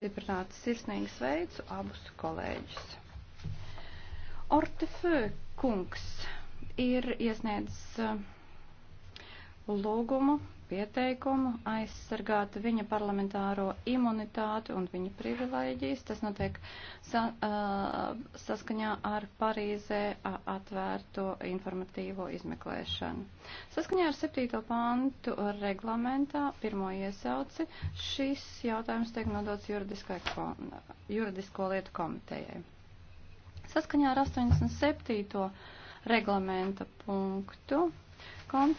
Stiprināt sirsnīgi sveicu abus kolēģus. Ortefē kungs ir iesniedzis uh, lūgumu, pieteikumu aizsargāt viņa parlamentāro imunitāti un viņa privilēģijas. Tas notiek sa, uh, saskaņā ar Parīzē atvērto informatīvo izmeklēšanu. Saskaņā ar 7. pantu reglamentā pirmo iesauci šis jautājums tiek nodots juridisko lietu komitejai. Saskaņā ar 87. reglamenta punktu. Konf